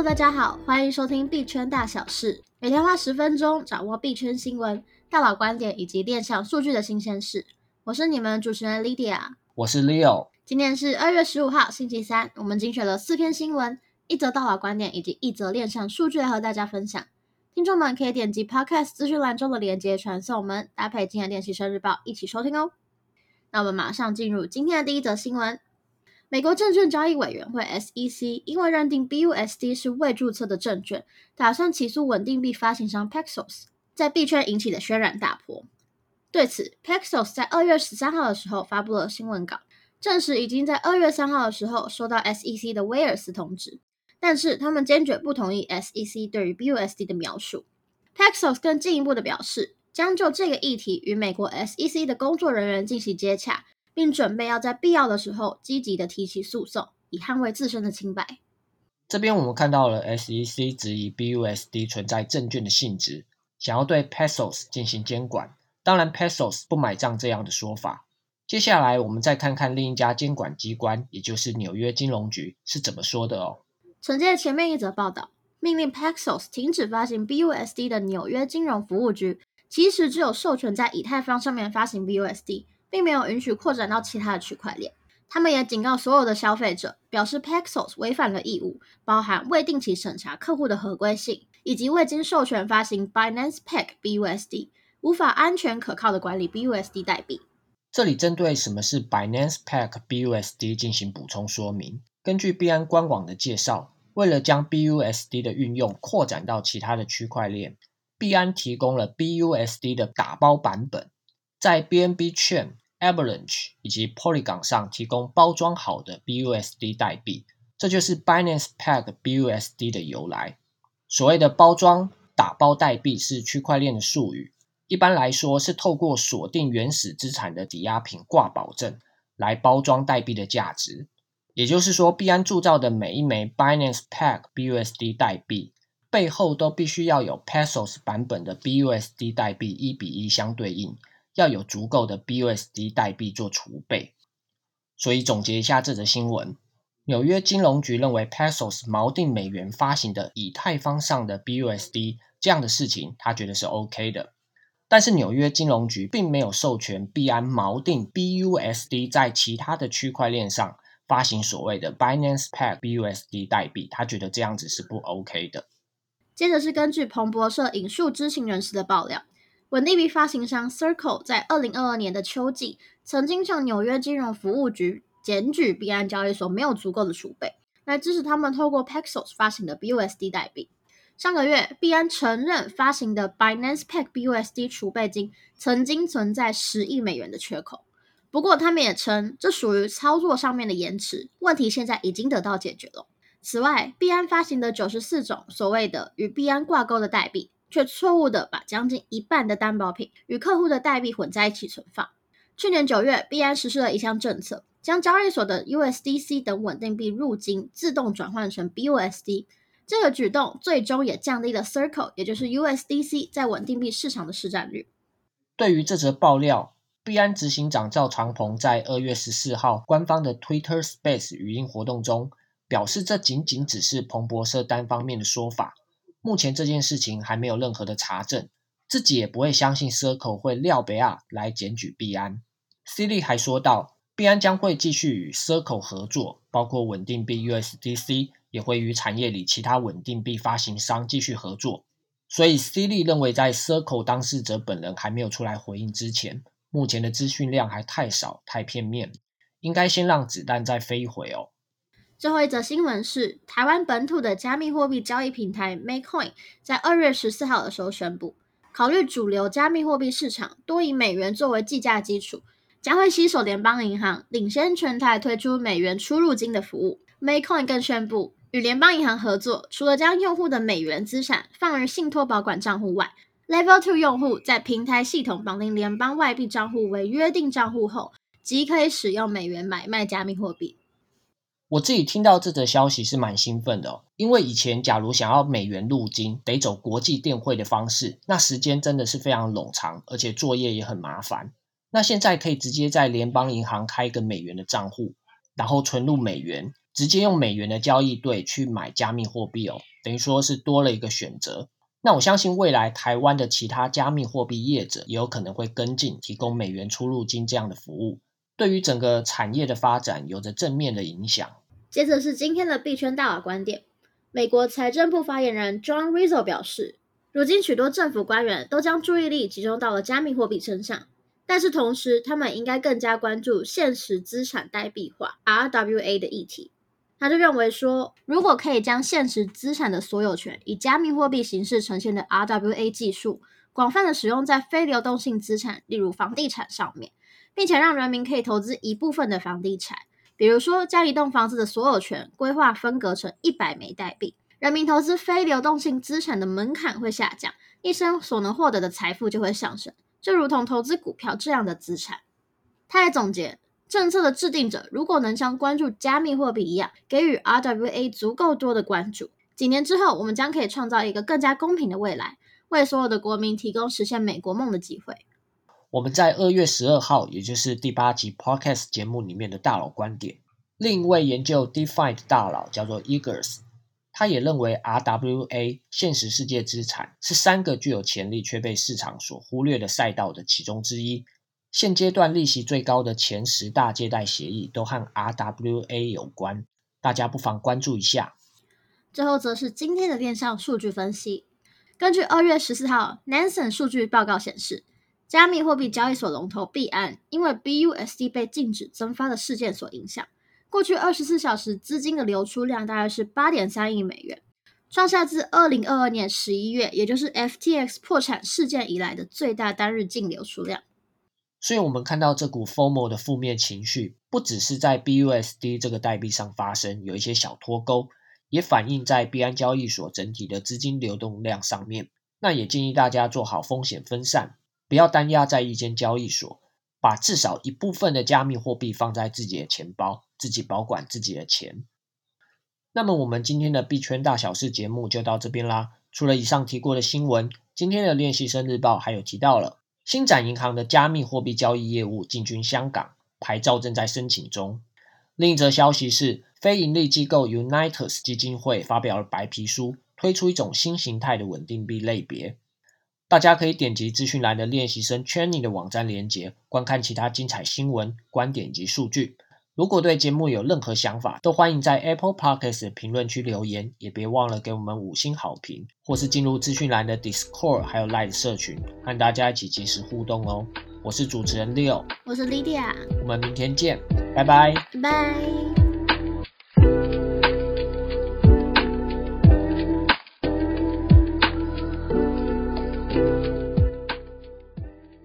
Hello, 大家好，歡迎收聽幣圈大小事，每天花十分鐘掌握幣圈新聞、大佬觀點以及鏈上數據的新鮮事。我是你們主持人 Lydia，我是 Leo。今天是二月十五號，星期三，我們精選了四篇新聞、一則大佬觀點以及一則鏈上數據來和大家分享。聽眾們可以點擊 Podcast 資訊欄中的連結傳送門，搭配今天的鏈習生日報一起收聽哦。那我們馬上進入今天的第一則新聞。美國證券交易委員會 （SEC） 因為認定 BUSD 是未註冊的證券，打算起訴穩定幣發行商 Paxos，在幣圈引起了軒然大波。對此，Paxos 在二月十三號的時候發布了新聞稿，證實已經在二月三號的時候收到 SEC 的威爾斯通知，但是他們堅決不同意 SEC 對於 BUSD 的描述。Paxos 更進一步的表示，將就這個議題與美國 SEC 的工作人員進行接洽。並準備要在必要的時候積極的提起訴訟，以捍衛自身的清白。這邊我們看到了 SEC 質疑 BUSD 存在證券的性質，想要對 Paxos 進行監管。當然 Paxos 不買賬這樣的說法。接下來，我們再看看另一家監管機關，也就是紐約金融局是怎麼說的哦。承接前面一則報道，命令 Paxos 停止發行 BUSD 的紐約金融服務局，其實只有授權在以太坊上面發行 BUSD。並沒有允許擴展到其他的區塊鏈。他們也警告所有的消費者，表示 Paxos 違反了義務，包含未定期審查客戶的合規性，以及未經授權發行 Binance-Peg BUSD，無法安全可靠的管理 BUSD 代幣。這裡針對什麼是 Binance-Peg BUSD 進行補充說明。根據幣安官網的介紹，為了將 BUSD 的運用擴展到其他的區塊鏈，幣安提供了 BUSD 的打包版本。在 BNB Chain、Avalanche 以及 Polygon 上提供包裝好的 BUSD 代幣，這就是 Binance Peg BUSD 的由來。所謂的包裝、打包代幣是區塊鏈的術語，一般來說是透過鎖定原始資產的抵押品掛保證，來包裝代幣的價值。也就是說，幣安鑄造的每一枚 Binance Peg BUSD 代幣，背後都必須要有 Paxos 版本的 BUSD 代幣一比一相對應。要有足夠的 BUSD 代幣做儲備，所以總結一下這則新聞：紐約金融局認為 Paxos 錨定美元發行的以太坊上的 BUSD，這樣的事情他覺得是 OK 的。但是紐約金融局並沒有授權幣安錨定 BUSD 在其他的區塊鏈上發行所謂的 Binance-Peg BUSD 代幣，他覺得這樣子是不 OK 的。接着是根據彭博社引述知情人士的爆料。穩定幣發行商 Circle 在二零二二年的秋季曾經向紐約金融服務局檢舉幣安交易所沒有足夠的儲備來支持他們透過 Paxos 發行的 BUSD 代幣。上個月，幣安承認發行的 Binance-Peg BUSD 儲備金曾經存在十億美元的缺口，不過他們也稱這屬於操作上面的延遲問題，現在已經得到解決了。此外，幣安發行的九十四種所謂的與幣安掛鈎的代幣。卻錯誤的把將近一半的擔保品與客戶的代幣混在一起存放。去年九月，幣安實施了一項政策，將交易所的 USDC 等穩定幣入金自動轉換成 BUSD。這個舉動最終也降低了 Circle，也就是 USDC 在穩定幣市場的市占率。對於這則爆料，幣安執行長趙長鵬在二月十四號官方的 Twitter Space 語音活動中表示，這僅僅只是彭博社單方面的說法。目前這件事情還沒有任何的查證，自己也不會相信 Circle 會廖貝亞來檢舉幣安。CZ 還說到，幣安將會繼續與 Circle 合作，包括穩定幣 USDC，也會與產業裡其他穩定幣發行商繼續合作。所以 CZ 認為，在 Circle 當事者本人還沒有出來回應之前，目前的資訊量還太少太片面，應該先讓子彈再飛一回哦。最後一則新聞是，臺灣本土的加密貨幣交易平台 MaiCoin 在二月十四號的時候宣布，考慮主流加密貨幣市場多以美元作為計價基礎，將會攜手聯邦銀行，領先全台推出美元出入金的服務。MaiCoin 更宣布與聯邦銀行合作，除了將用戶的美元資產放入信託保管賬戶外，Level 2用戶在平台系統綁定聯邦外幣賬戶為約定賬戶後，即可以使用美元買賣加密貨幣。我自己聽到這則消息是蠻興奮的哦，因為以前假如想要美元入金，得走國際電匯的方式，那時間真的是非常冗長，而且作業也很麻煩。那現在可以直接在聯邦銀行開一個美元的賬戶，然後存入美元，直接用美元的交易對去買加密貨幣哦，等於說是多了一個選擇。那我相信未來台灣的其他加密貨幣業者也有可能會跟進，提供美元出入金這樣的服務，對於整個產業的發展有着正面的影響。接着是今天的幣圈大佬觀點。美國財政部發言人 John Rizzo 表示，如今許多政府官員都將注意力集中到了加密貨幣身上，但是同時他們應該更加關注現實資產代幣化 （RWA） 的議題。他就認為說，如果可以將現實資產的所有權以加密貨幣形式呈現的 RWA 技術，廣泛地使用在非流動性資產，例如房地產上面，並且讓人民可以投資一部分的房地產。比如說，將一棟房子的所有權規劃分割成一百枚代幣，人民投資非流動性資產的門檻會下降，一生所能獲得的財富就會上升。就如同投資股票這樣的資產。他還總結，政策的制定者如果能像關注加密貨幣一樣，給予 RWA 足夠多的關注，幾年之後，我們將可以創造一個更加公平的未來，為所有的國民提供實現美國夢的機會。我們在二月十二號，也就是第八集 Podcast 節目裡面的大佬觀點，另一位研究 DeFi 的大佬叫做 Eggers，他也認為 RWA 現實世界資產是三個具有潛力卻被市場所忽略的賽道的其中之一。現階段利息最高的前十大借貸協議都和 RWA 有關，大家不妨關注一下。最後則是今天的電商數據分析，根據二月十四號 Nansen 數據報告顯示。加密貨幣交易所龍頭幣安因為 BUSD 被禁止增發的事件所影響，過去二十四小時資金的流出量大概是八點三億美元，創下自二零二二年十一月，也就是 FTX 破產事件以來的最大單日淨流出量。所以，我們看到這股 FOMO 的負面的情緒不只是在 BUSD 這個代幣上發生，有一些小脫鈎，也反映在幣安交易所整體的資金流動量上面。那也建議大家做好風險分散。不要單押在一間交易所，把至少一部分的加密貨幣放在自己的錢包，自己保管自己的錢。那麼，我們今天的幣圈大小事節目就到這邊啦。除了以上提過的新聞，今天的鏈習生日報還有提到了星展銀行的加密貨幣交易業務進軍香港，牌照正在申請中。另一則消息是，非盈利機構 Unitas 基金會發表了白皮書，推出一種新形態的穩定幣類別。大家可以點擊資訊欄的練習生 Chainee 的網站連結，觀看其他精彩新聞、觀點以及數據。如果對節目有任何想法，都歡迎在 Apple Podcast 的評論區留言，也別忘了給我們五星好評，或是進入資訊欄的 Discord 還有 Line 社群，和大家一起及時互動哦。我是主持人 Leo，我是 Lydia，我們明天見，拜拜，拜。